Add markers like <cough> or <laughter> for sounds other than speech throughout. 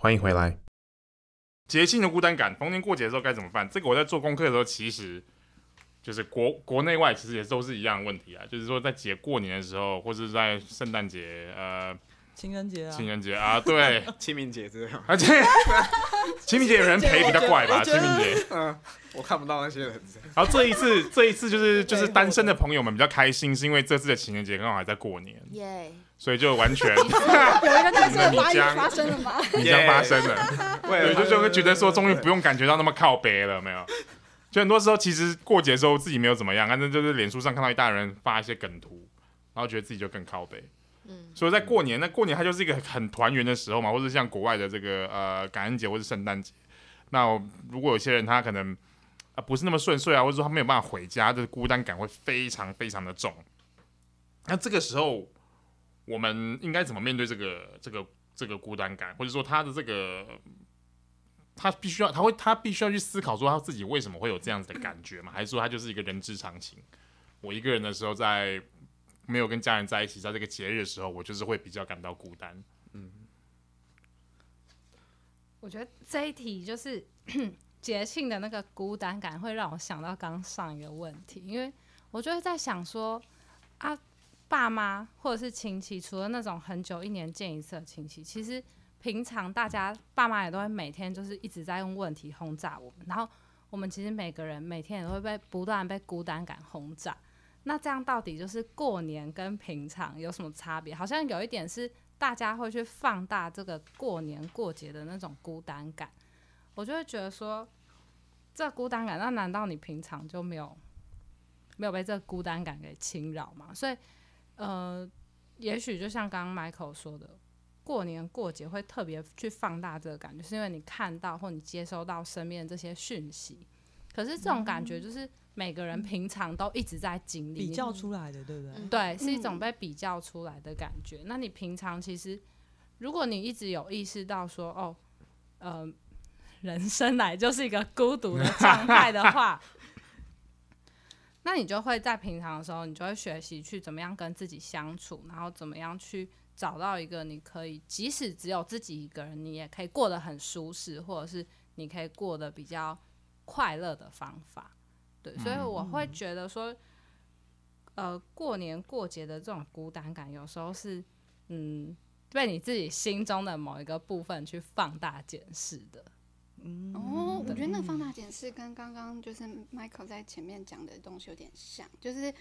歡迎回來。節慶的孤單感，逢年過節的時候該怎麼辦？這個我在做功課的時候，其實就是國國內外其實也是都是一樣的問題啊。就是說在節過年的時候，或是在聖誕節，呃，情人節啊，情人節啊，對， <laughs> 清明節這樣，而 <laughs> 且清明節有人陪比較怪吧， <laughs> 清明節。我看不到那些人。 <laughs> 然後這一次，這一次就是就是單身的朋友們比較開心，是因為這次的情人節剛好還在過年，yeah. 所以就完全 <laughs> <laughs> 是有一個單身的發生了嗎？ <laughs> 你你 <laughs> 發生了，yeah. <laughs> <laughs> 對，就就會覺得說，終於不用感覺到那麼靠北了，沒有？就很多時候其實過節的時候自己沒有怎麼樣，反正就是臉書上看到一大人發一些梗圖，然後覺得自己就更靠北、嗯。所以在過年，那過年它就是一個很團圓的時候嘛，或者像國外的這個呃感恩節或是聖誕節，那如果有些人他可能。啊，不是那麼順遂啊，或者說他沒有辦法回家，他的孤單感會非常非常的重。那這個時候，我們應該怎麼面對這個、這個、這個孤單感？或者說他的這個，他必須要，他會，他必須要去思考，說他自己為什麼會有這樣子的感覺嗎？還是說他就是一個人之常情？我一個人的時候在，在沒有跟家人在一起，在這個節日的時候，我就是會比較感到孤單。嗯，我覺得這一題就是。節慶的那個孤單感會讓我想到剛剛上一個問題，因為我就會在想說，啊，爸媽或者是親戚，除了那種很久一年見一次的親戚，其實平常大家爸媽也都會每天就是一直在用問題轟炸我們，然後我們其實每個人每天也會被不斷被孤單感轟炸。那這樣到底就是過年跟平常有什麼差別？好像有一點是大家會去放大這個過年過節的那種孤單感。我就會覺得說，這孤單感，那難道你平常就沒有沒有被這孤單感給侵擾嗎？所以，呃，也許就像剛剛 Michael 說的，過年過節會特別去放大這個感覺，是因為你看到或你接收到身邊的這些訊息。可是這種感覺就是每個人平常都一直在經歷比較出來的，對不對？對，是一種被比較出來的感覺。嗯、那你平常其實，如果你一直有意識到說，哦，呃。人生來就是一個孤獨的狀態的話， <laughs> 那你就會在平常的時候，你就會學習去怎麼樣跟自己相處，然後怎麼樣去找到一個你可以，即使只有自己一個人，你也可以過得很舒適，或者是你可以過得比較快樂的方法。對，所以我會覺得說，嗯、呃，過年過節的這種孤單感，有時候是，嗯，被你自己心中的某一個部分去放大檢視的。嗯、哦，我覺得那個放大檢視跟剛剛就是 Michael 在前面講的東西有點像，就是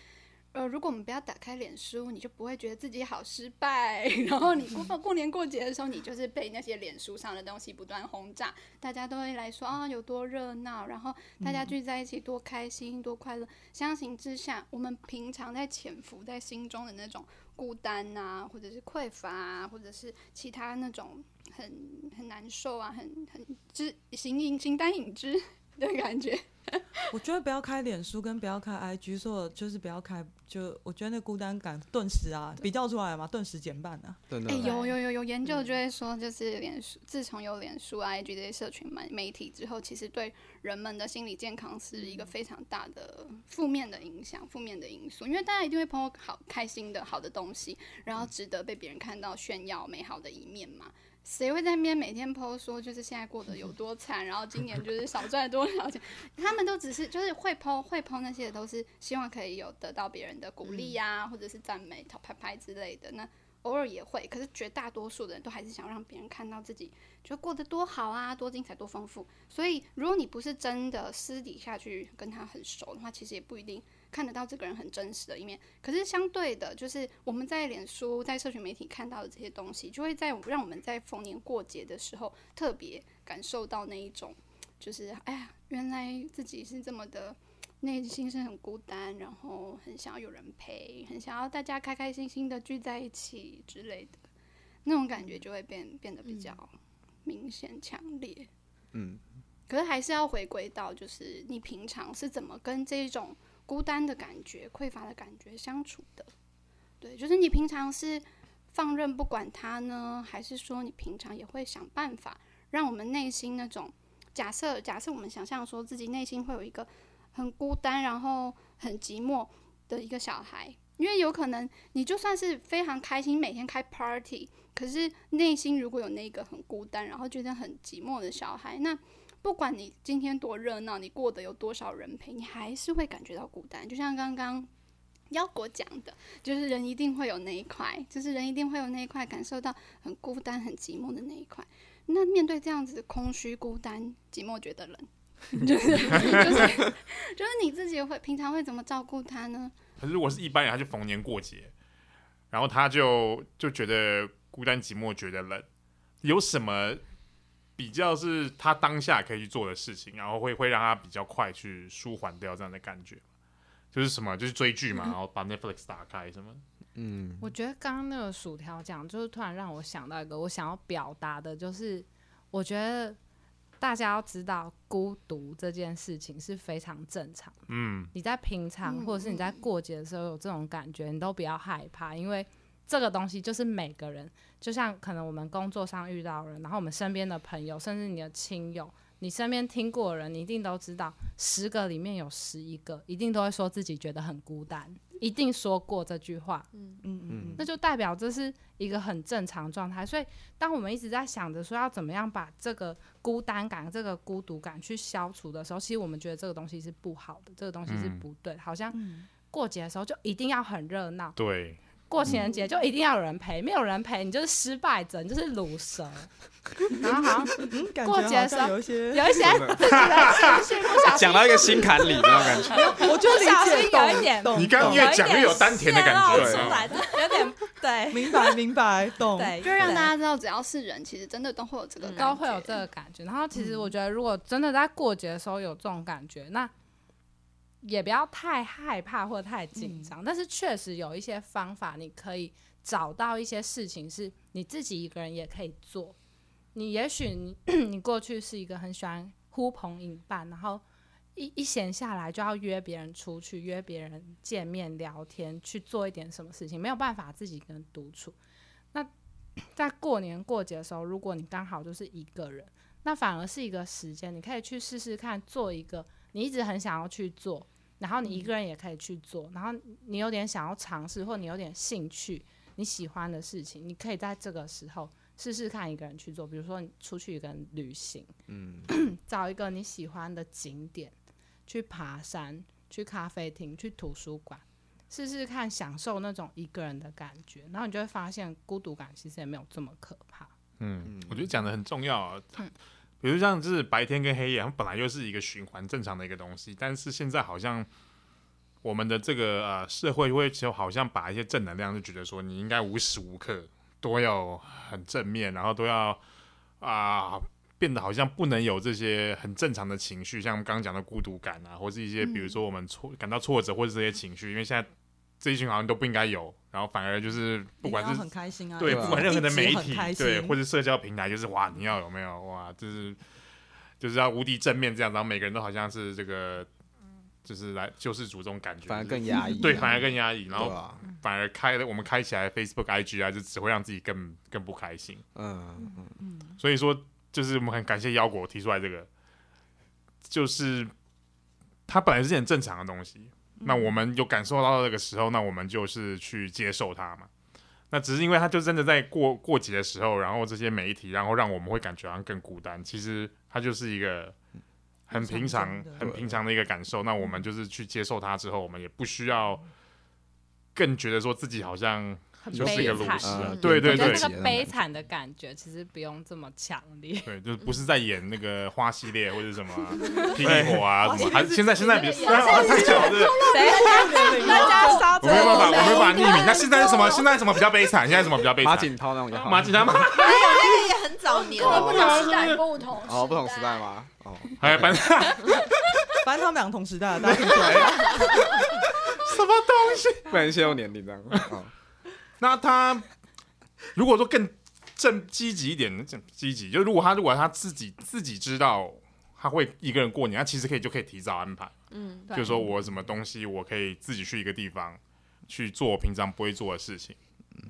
呃，如果我們不要打開臉書，你就不會覺得自己好失敗。然後你過過年過節的時候、嗯，你就是被那些臉書上的東西不斷轟炸，大家都會來說啊、哦、有多熱鬧，然後大家聚在一起多開心、嗯、多開心多快樂。相形之下，我們平常在潛伏在心中的那種孤單啊，或者是匱乏啊，或者是、啊、或者是其他那種。很很難受啊，很很只形影形單影只的感覺。 <laughs> 我覺得不要開臉書跟不要開 IG，說就是不要開，就我覺得那孤單感頓時啊比較出來嘛，頓時減半啊。哎、欸，有有有有研究就會說，就是臉書、嗯、自從有臉書、IG 這些社群媒媒體之後，其實對人們的心理健康是一個非常大的負面的影響，負、嗯、面的因素，因為大家一定會 PO 好開心的好的東西，然後值得被別人看到炫耀美好的一面嘛。誰會在那邊每天 po 說，就是現在過得有多慘，然後今年就是少賺多少錢， <laughs> 他們都只是就是會 po 會 po 那些，都是希望可以有得到別人的鼓勵呀、啊嗯，或者是讚美、討拍拍之類的那。偶爾也會，可是絕大多數的人都還是想讓別人看到自己，覺得過得多好啊，多精彩，多豐富。所以，如果你不是真的私底下去跟他很熟的話，其實也不一定看得到這個人很真實的一面。可是相對的，就是我們在臉書、在社群媒體看到的這些東西，就會在讓我們在逢年過節的時候，特別感受到那一種，就是哎呀，原來自己是這麼的。內心是很孤單，然後很想要有人陪，很想要大家開開心心的聚在一起之類的，那種感覺就會變變得比較明顯強烈。嗯，可是還是要回歸到，就是你平常是怎麼跟這種孤單的感覺、匱乏的感覺相處的？對，就是你平常是放任不管它呢，還是說你平常也會想辦法，讓我們內心那種假設，假設我們想象說自己內心會有一個。很孤單，然後很寂寞的一個小孩，因為有可能，你就算是非常開心，每天開 party，可是內心如果有那個很孤單，然後覺得很寂寞的小孩，那不管你今天多熱鬧，你過得有多少人陪，你還是會感覺到孤單。就像剛剛腰果講的，就是人一定會有那一塊，就是人一定會有那一塊感受到很孤單、很寂寞的那一塊。那面對這樣子的空虛、孤單、寂寞、覺得冷。 <laughs> 就是就是就是你自己會平常會怎麼照顧他呢？可是如果是一般人，他就逢年過節，然後他就就覺得孤單寂寞，覺得冷。有什麼比較是他當下可以去做的事情，然後會會讓他比較快去舒緩掉這樣的感覺嗎？就是什麼？就是追劇嘛，嗯、然後把 Netflix 打開什麼？嗯，我覺得剛剛那個薯條講，就是突然讓我想到一個我想要表達的，就是我覺得。大家要知道，孤獨這件事情是非常正常的。嗯，你在平常或者是你在過節的時候有這種感覺，你都不要害怕，因為這個東西就是每個人，就像可能我們工作上遇到人，然後我們身邊的朋友，甚至你的親友。你身邊聽過的人，你一定都知道，十個裡面有十一個一定都會說自己覺得很孤單，一定說過這句話，嗯嗯嗯，那就代表這是一個很正常狀態。所以，當我們一直在想着說要怎麼樣把這個孤單感、這個孤獨感去消除的時候，其實我們覺得這個東西是不好的，這個東西是不對，嗯、好像過節的時候就一定要很熱鬧，對。過情人節就一定要有人陪，沒有人陪你就是失敗者，你就是魯蛇。嗯、然後好像、嗯、過節的時候，有一些講 <laughs> 小心 <laughs> 到一個心坎裡那種感覺 <laughs> 有，我就是理解一點。你剛剛越講越有丹田的感覺，說出來的有點對，明白明白，懂。對，就讓大家知道，只要是人，其實真的都會有這個，都會有這個感覺。然後其實我覺得，如果真的在過節的時候有這種感覺，嗯、那也不要太害怕或太緊張、嗯，但是確實有一些方法，你可以找到一些事情是你自己一個人也可以做。你也許你、嗯、你過去是一個很喜歡呼朋引伴，然後一一閒下來就要約別人出去，約別人見面聊天，去做一點什麼事情，沒有辦法自己一個人獨處。那在過年過節的時候，如果你剛好就是一個人，那反而是一個時間，你可以去試試看做一個，你一直很想要去做，然後你一個人也可以去做，嗯、然後你有點想要嘗試，或你有點興趣、你喜歡的事情，你可以在這個時候試試看一個人去做。比如說，你出去一個人旅行，嗯，找一個你喜歡的景點，去爬山，去咖啡廳，去圖書館，試試看享受那種一個人的感覺，然後你就會發現孤獨感其實也沒有這麼可怕。嗯，嗯，我覺得講的很重要啊。嗯比如像是白天跟黑夜，它本來就是一個循環正常的一個東西，但是現在好像我們的這個呃社會會就好像把一些正能量就覺得說你應該無時無刻都要很正面，然後都要啊、呃、變得好像不能有這些很正常的情緒，像我們剛剛講的孤獨感啊，或是一些比如說我們挫感到挫折或者這些情緒，因為現在，這一群好像都不應該有，然後反而就是不管是很開心啊、對，對，不管任何的媒體，對，或者社交平台，就是哇，你要有沒有哇，就是就是要無敵正面這樣，然後每個人都好像是這個，就是來救世主這種感覺，嗯就是、反而更壓抑、啊，對，反而更壓抑，然後反而開我們開起來 Facebook、IG 啊，就只會讓自己更更不開心，嗯嗯嗯，所以說就是我們很感謝腰果提出來這個，就是他本來是很正常的東西。那我們有感受到這個時候，那我們就是去接受它嘛。那只是因為它就真的在過過節的時候，然後這些媒體，然後讓我們會感覺好像更孤單。其實它就是一個很平常、很平常的一個感受。那我們就是去接受它之後，我們也不需要更覺得說自己好像。就是一個路痴啊！對對對，對，那個悲慘的感覺其實不用這麼強烈對。對，就不是在演那個花系列或者什麼霹靂火啊？還 <laughs> 是、啊、 <laughs> 現在現在比現在太笑。我沒有辦法，我沒有辦，、啊、辦法匿名。那現在是什麼？現在是什麼比較悲慘？現在什麼比較悲？馬景濤那種也好。馬景濤嗎？還有那個也很早年。哦，不同時代。不同時代嗎？哦，還有反正，反正他們兩個同時代，的大家聽出來。什麼東西？不能先用年齡這樣。 <laughs> 那他如果說更正積極一點，正積極，就如果他如果他自己自己知道他會一個人過年，他其實可以就可以提早安排，嗯，就是說我什麼東西我可以自己去一個地方去做平常不會做的事情，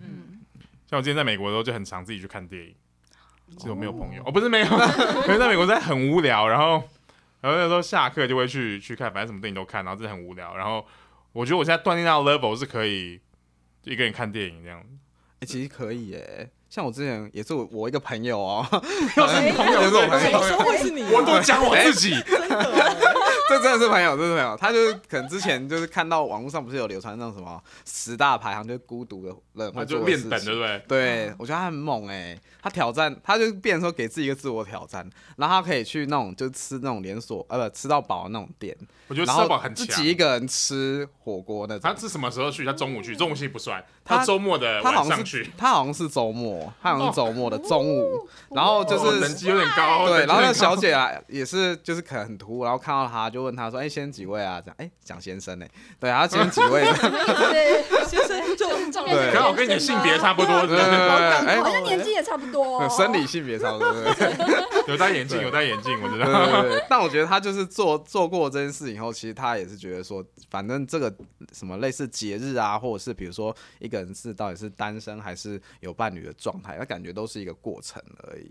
嗯，像我今天在美國的時候就很常自己去看電影，這、哦、種沒有朋友哦，不是沒有， <laughs> 因為在美國真的很無聊，然後然後那時候下課就會去去看，反正什麼電影都看，然後真的很無聊，然後我覺得我現在鍛鍊到的 level 是可以。一個人看電影這樣哎、欸，其實可以耶、欸。像我之前也是我我一個朋友啊、喔 <laughs> ，要是朋友這種朋友、欸，欸欸欸欸欸、說會是你、啊？我都講我自己。這真的是朋友，這真的是朋友。他就是可能之前就是看到網絡上不是有流傳那種什麼十大排行，就是孤獨的人會做的事情，他就變本對不對？對，我覺得他很猛誒。他挑戰，他就變成說給自己一個自我挑戰，然後他可以去那種就是吃那種連鎖呃吃到飽的那種店，我覺得吃到飽很強，自己一個人吃火鍋那種，他是什麼時候去？他中午去，中午去，中午不算。他周末的上去，他好像是他好像是周末，他好像是周末的中午，哦、然後就是年紀、哦有，哦、有點高，對，然後那小姐啊也是就是可能很突兀，然後看到他就問他說：“哎、欸，先幾位啊？”這樣，哎、欸，蔣先生、欸、他先呢？對啊，先幾位？”先、欸、生坐對面，我跟你性別差不多，對對對，哎，好像年紀也差不多，生理性別差不多，有戴眼鏡有戴眼鏡，我覺得，但我覺得他就是做做過這件事以後，其實他也是覺得說， <laughs> 反正這個什麼類似節日啊，或者是比如說一個。人是到底是單身還是有伴侶的狀態，他感覺都是一個過程而已。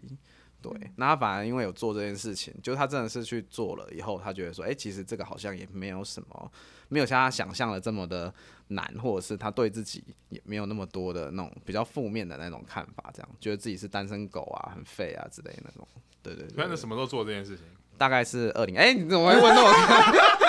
對，那他反而因為有做這件事情，就他真的是去做了以後，他覺得說，哎、欸，其實這個好像也沒有什麼，沒有像他想象的這麼的難，或者是他對自己也沒有那麼多的那種比較負面的那種看法，這樣覺得自己是單身狗啊、很廢啊之類的那種。對對對。那你什麼時候做這件事情？大概是二零哎，你怎麼會問到？ <laughs> <laughs>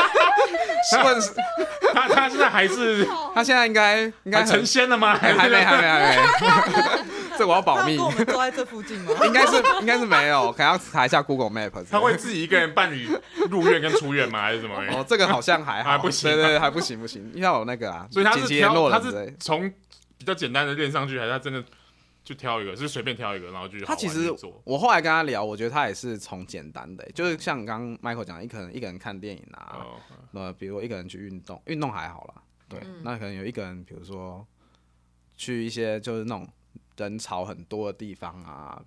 他 <laughs> 他現在還是，他現在應該應該成仙了嗎？還沒還沒還沒。 <laughs> 還沒還沒 <laughs> 這我要保密。在這附近嗎？應該是應該是沒有，可能要查一下 Google Maps。他會自己一個人辦理入院跟出院嗎？還是什麼？哦，這個好像還好還不行，啊，對對、對還不行不行，因為我那個啊。所以他是了他是從比較簡單的練上去，還是他真的？就挑一個，是隨便挑一個，然後就他其實我後來跟他聊，我覺得他也是從簡單的、欸，就是像剛 Michael 講的，一可能一個人看電影啊，呃、oh.，比如一個人去運動，運動還好啦，對、嗯。那可能有一個人，比如說去一些就是那種人潮很多的地方啊。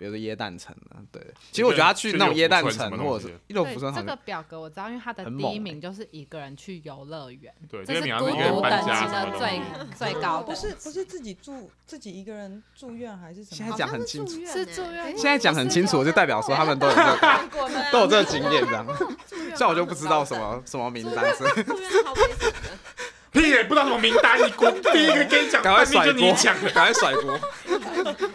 比如說耶誕城的，對，其實我覺得他去那種耶誕城或者是六福村，這個表格我知道，因為他的第一名就是一個人去遊樂園，欸、這是孤獨等級的哦哦哦哦哦哦哦哦最最高，不是不是自己住自己一個人住院還是什麼？現在講很清楚，是住院、欸，現在講很清楚，就代表說他們都有、這個、 <laughs> 都有這個經驗這樣， <laughs> 像 <laughs> 所以我就不知道什麼什麼名單是。 <laughs> 不知道什麼名單一過，你滾！第一個跟你講，趕快甩鍋，講，趕快甩鍋。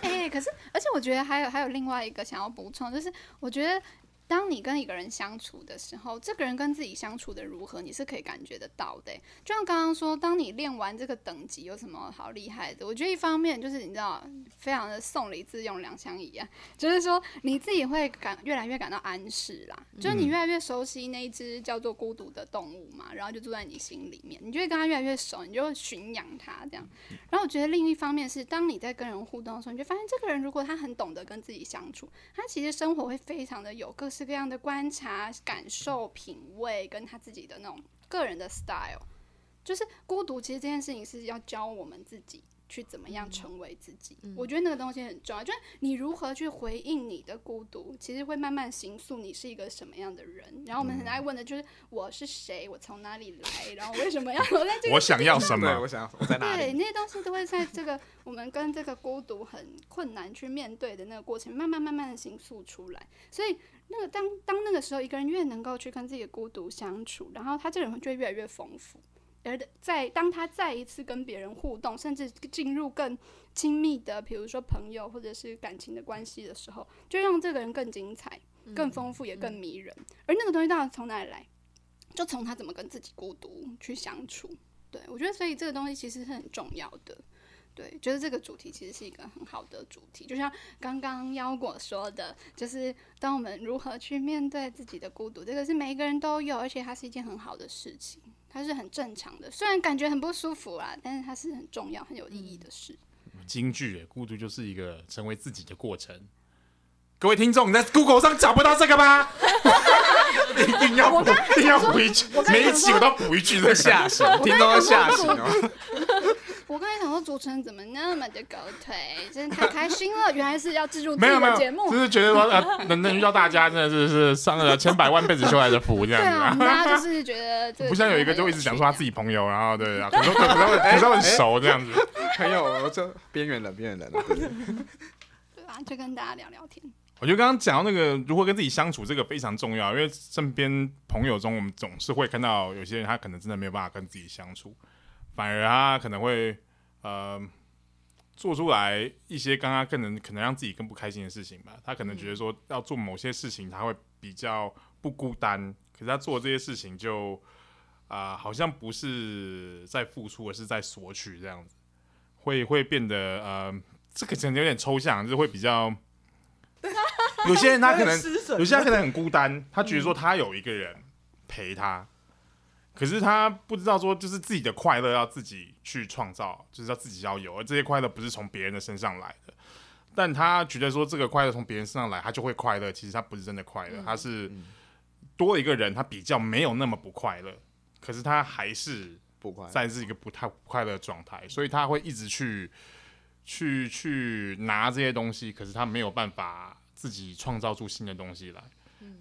哎、 <laughs> <laughs> <laughs> 欸，可是，而且我覺得還有還有另外一個想要補充，就是我覺得。當你跟一個人相處的時候，這個人跟自己相處的如何，你是可以感覺得到的。就像剛剛說，當你練完這個等級有什麼好厲害的？我覺得一方面就是你知道，非常的送禮自用兩相宜啊，就是說你自己會感越來越感到安適啦，就是你越來越熟悉那一隻叫做孤獨的動物嘛，然後就住在你心裡面，你就會跟他越來越熟，你就會馴養它這樣。然後我覺得另一方面是，當你在跟人互動的時候，你就發現這個人如果他很懂得跟自己相處，他其實生活會非常的有個。是各樣的觀察、感受、品味，跟他自己的那種個人的 style，就是孤獨。其實這件事情是要教我們自己去怎麼樣成為自己。嗯，我覺得那個東西很重要，就是你如何去回應你的孤獨，其實會慢慢形塑你是一個什麼樣的人。然後我們很愛問的就是，我是：我是誰？我從哪裡來？然後為什麼要活在這個？ <laughs> 我想要什麼？ <laughs> 我想要我在哪裡？ <laughs> 對，那些東西都會在這個我們跟這個孤獨很困難去面對的那個過程，慢慢慢慢的形塑出來。所以。那個當當那個時候，一個人越能夠去跟自己的孤獨相處，然後他這個人就會越來越豐富。而在當他再一次跟別人互動，甚至進入更親密的，比如說朋友或者是感情的關係的時候，就讓這個人更精彩、更豐富，也更迷人、嗯嗯。而那個東西到底從哪裡來？就從他怎麼跟自己孤獨去相處。對我覺得，所以這個東西其實是很重要的。對，覺、就、得、是、這個主題其實是一個很好的主題，就像剛剛腰果說的，就是當我們如何去面對自己的孤獨，這個是每一個人都有，而且它是一件很好的事情，它是很正常的，雖然感覺很不舒服啊，但是它是很重要、很有意義的事。金句、欸，孤獨就是一個成為自己的過程。各位聽眾，你在 Google 上找不到這個嗎？ <laughs> <laughs> <laughs> 一定要補，一定要補一句，每一期我都補一句在下行，都嚇醒，聽到都嚇醒哦。 <laughs> <laughs> 我剛才想說，主持人怎麼那麼的狗腿？真的太開心了！ <laughs> 原來是要自住自己的沒有沒有節目。沒有就是覺得說，呃， <laughs> 能能遇到大家，真的是是上了千百萬輩子修來的福， <laughs> 這樣子。大家就是覺得。不像有一個，就一直講說他自己朋友， <laughs> 然後對、啊、可能很很很很熟、欸、這樣子，很有就 <laughs> 邊緣人，邊緣人。對吧，就跟大家聊聊天。 <laughs> 我覺得剛剛講到那個如何跟自己相處，這個非常重要，因為身邊朋友中，我們總是會看到有些人，他可能真的沒有辦法跟自己相處。反而他可能會，呃，做出來一些剛剛更能可能讓自己更不開心的事情吧。他可能覺得說要做某些事情他會比較不孤單，嗯，可是他做這些事情就，啊，呃，好像不是在付出，而是在索取這樣子，會會變得呃，這個可能有點抽象，就是會比較， <laughs> 有些人他可能他是是有些人可能很孤單，他覺得說他有一個人陪他。嗯，陪他可是他不知道說，就是自己的快樂要自己去創造，就是要自己要有，而這些快樂不是從別人的身上來的。但他覺得說，這個快樂從別人身上來，他就會快樂。其實他不是真的快樂，嗯，他是多一個人，他比較沒有那麼不快樂。可是他還是不快，在是一個不太不快樂的狀態，所以他會一直去去去拿這些東西。可是他沒有辦法自己創造出新的東西來。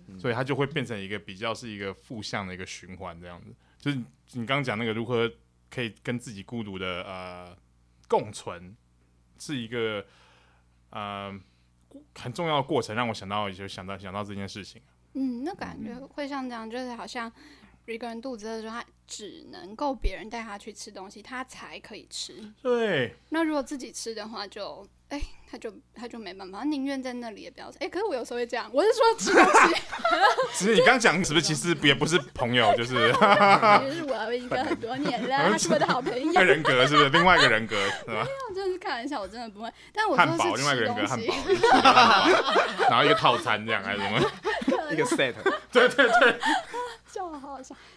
嗯、所以它就會變成一個比較是一個負向的一個循環這樣子，就是你剛剛講那個如何可以跟自己孤獨的呃共存，是一個呃很重要的過程，讓我想到就想到想到這件事情。嗯，那感覺會像這樣，就是好像。一個人肚子餓的時候，他只能夠別人帶他去吃東西，他才可以吃。對。那如果自己吃的話，就，哎、欸，他就他就沒辦法，他寧願在那裡也不要吃。哎、欸，可是我有時候會這樣，我是說吃東西， <laughs> 其實你剛剛講的是不是？其實也不是朋友，就是， <laughs> 可惡 <laughs> 就是我一個很多年他是我的好朋友。人格是不是？另外一個人格。真的是開玩、就是、笑，我真的不會。漢堡。另外一個人格 <laughs> 然後一個套餐這樣還是嗎？一個 set。你 <laughs> 可惡 <laughs> 對對對。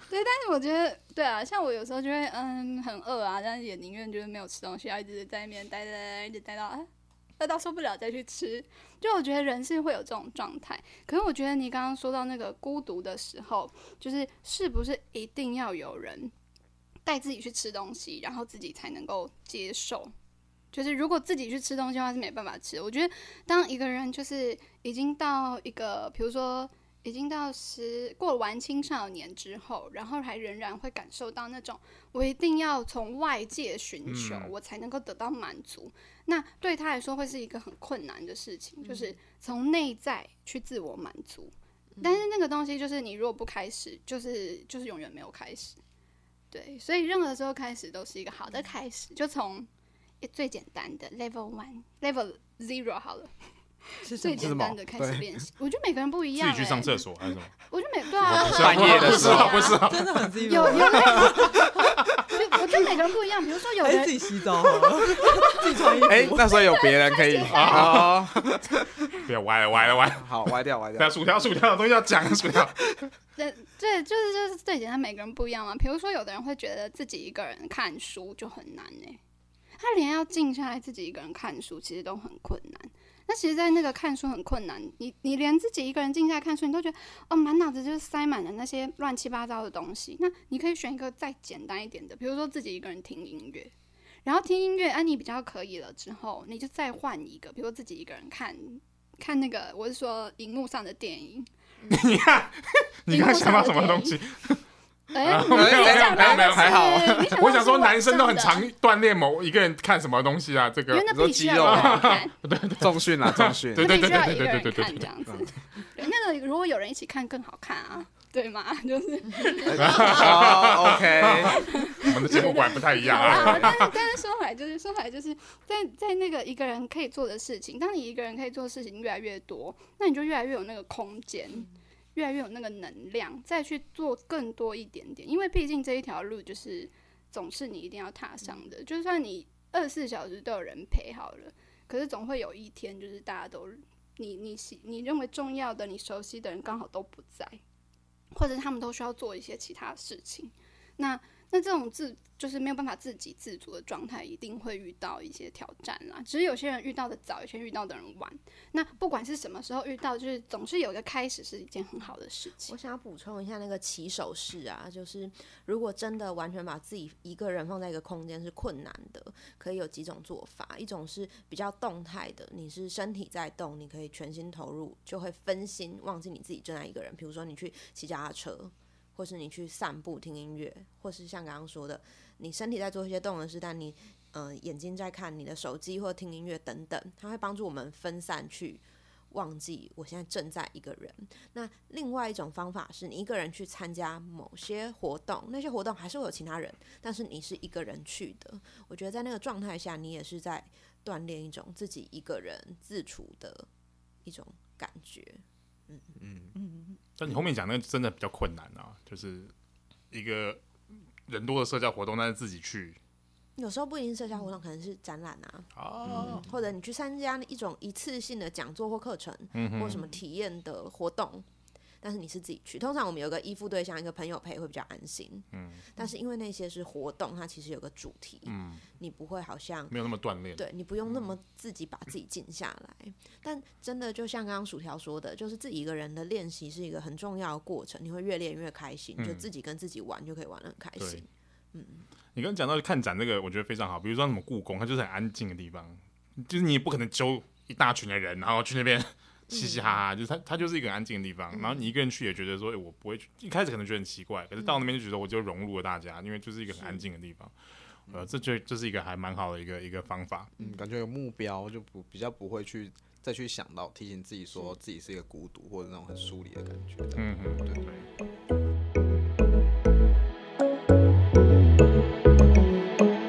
對，但是我覺得，對啊，像我有時候就會，嗯，很餓啊，但是也寧願就是沒有吃東西，要一直在裡面待待待，一直待到待到受不了再去吃。就我覺得人是會有這種狀態，可是我覺得你剛剛說到那個孤獨的時候，就是是不是一定要有人帶自己去吃東西，然後自己才能夠接受？就是如果自己去吃東西的話，是沒辦法吃。我覺得當一個人就是已經到一個，比如說。已經到十過完青少年之後，然後還仍然會感受到那種，我一定要從外界尋求，嗯，我才能夠得到滿足，那對他來說會是一個很困難的事情，就是從內在去自我滿足。嗯，但是那個東西就是你如果不開始，就是就是永遠沒有開始。對，所以任何時候開始都是一個好的開始。嗯，就從最簡單的 level one，level zero 好了。是最簡單的開始練習、欸啊 <laughs> 哦啊喔喔， <laughs> 我覺得每個人不一樣。自己去上廁所還是什麼？我覺得每個專業夜的時候不是真的有。哈哈哈哈哈哈！我覺得每個人不一樣。比如說有人、欸、自己洗澡、喔， <laughs> 自己穿衣服。哎、欸，那時候有別人可以對啊好好。不要歪了，歪了，歪了好，歪掉，歪掉。薯條，薯條的東西要講薯條。對,對就是就是最簡單，每個人不一樣嘛。比如說，有的人會覺得自己一個人看書就很難呢、欸，他連要靜下來自己一個人看書，其實都很困難。那其實，在那個看書很困難，你你連自己一個人靜下看書，你都覺得哦，滿腦子就是塞滿了那些亂七八糟的東西。那你可以選一個再簡單一點的，比如說自己一個人聽音樂，然後聽音樂，安、啊、你比較可以了之後，你就再換一個，比如說自己一個人看看那個，我是說熒幕上的電影。你看、啊， <laughs> 你剛想到什麼東西？哎、欸嗯，沒有沒有沒有沒，沒有，還好。我想說，男生都很常鍛鍊某一個人看什麼東西啊，這個說肌肉啊，對對，重訓啊重訓，對對對對對對對對，這樣子。那個如果有人一起看更好看啊，對嗎？就是。 <laughs> <laughs> oh, OK。 <laughs> <laughs> 我們的節目不太一樣啊。 <laughs> 啊但是但是說回來，就是說回來就是來、就是、在在那個一個人可以做的事情，當你一個人可以做的事情越來越多，那你就越來越有那個空間。嗯越來越有那個能量，再去做更多一點點，因為畢竟這一條路就是總是你一定要踏上的。就算你二十四小時都有人陪好了，可是總會有一天，就是大家都你你你認為重要的、你熟悉的人剛好都不在，或者他們都需要做一些其他事情，那那這種自就是沒有辦法自給自足的狀態，一定會遇到一些挑戰啦。只是有些人遇到的早，有些人遇到的人晚。那不管是什麼時候遇到，就是總是有一個開始，是一件很好的事情。我想要補充一下那個起手式啊，就是如果真的完全把自己一個人放在一個空間是困難的，可以有幾種做法。一種是比較動態的，你是身體在動，你可以全心投入，就會分心忘記你自己正在一個人。比如說你去騎腳踏車。或是你去散步聽音樂，或是像剛剛說的，你身體在做一些動的事。但你嗯，呃，眼睛在看你的手機或聽音樂等等，它會幫助我們分散去忘記我現在正在一個人。那另外一種方法是，你一個人去參加某些活動，那些活動還是會有其他人，但是你是一個人去的。我覺得在那個狀態下，你也是在鍛鍊一種自己一個人自處的一種感覺。嗯嗯嗯嗯，但你後面講那個真的比較困難啊，就是一個人多的社交活動，但是自己去，有時候不一定社交活動，可能是展覽啊，哦、嗯，或者你去參加一種一次性的講座或課程，嗯，或什麼體驗的活動。嗯但是你是自己去，通常我們有個依附對象，一個朋友陪會比較安心。嗯。但是因為那些是活動，它其實有個主題。嗯。你不會好像沒有那麼鍛鍊。對，你不用那麼自己把自己靜下來。嗯。但真的就像剛剛薯條說的，就是自己一個人的練習是一個很重要的過程。你會越練越開心，嗯，就自己跟自己玩就可以玩得很開心。嗯。你剛剛講到看展那個，我覺得非常好。比如說什麼故宮，它就是很安靜的地方，就是你也不可能揪一大群的人然後去那邊。嘻嘻哈哈，就是它，它就是一個很安靜的地方。嗯。然後你一個人去也覺得說，誒、欸，我不會去。一開始可能覺得很奇怪，可是到那邊就覺得我就融入了大家，因為就是一個很安靜的地方。呃，這就就是一個還蠻好的一個一個方法。嗯，感覺有目標就不比較不會去再去想到提醒自己說自己是一個孤獨或者那種很疏離的感覺。對對嗯嗯，嗯，對。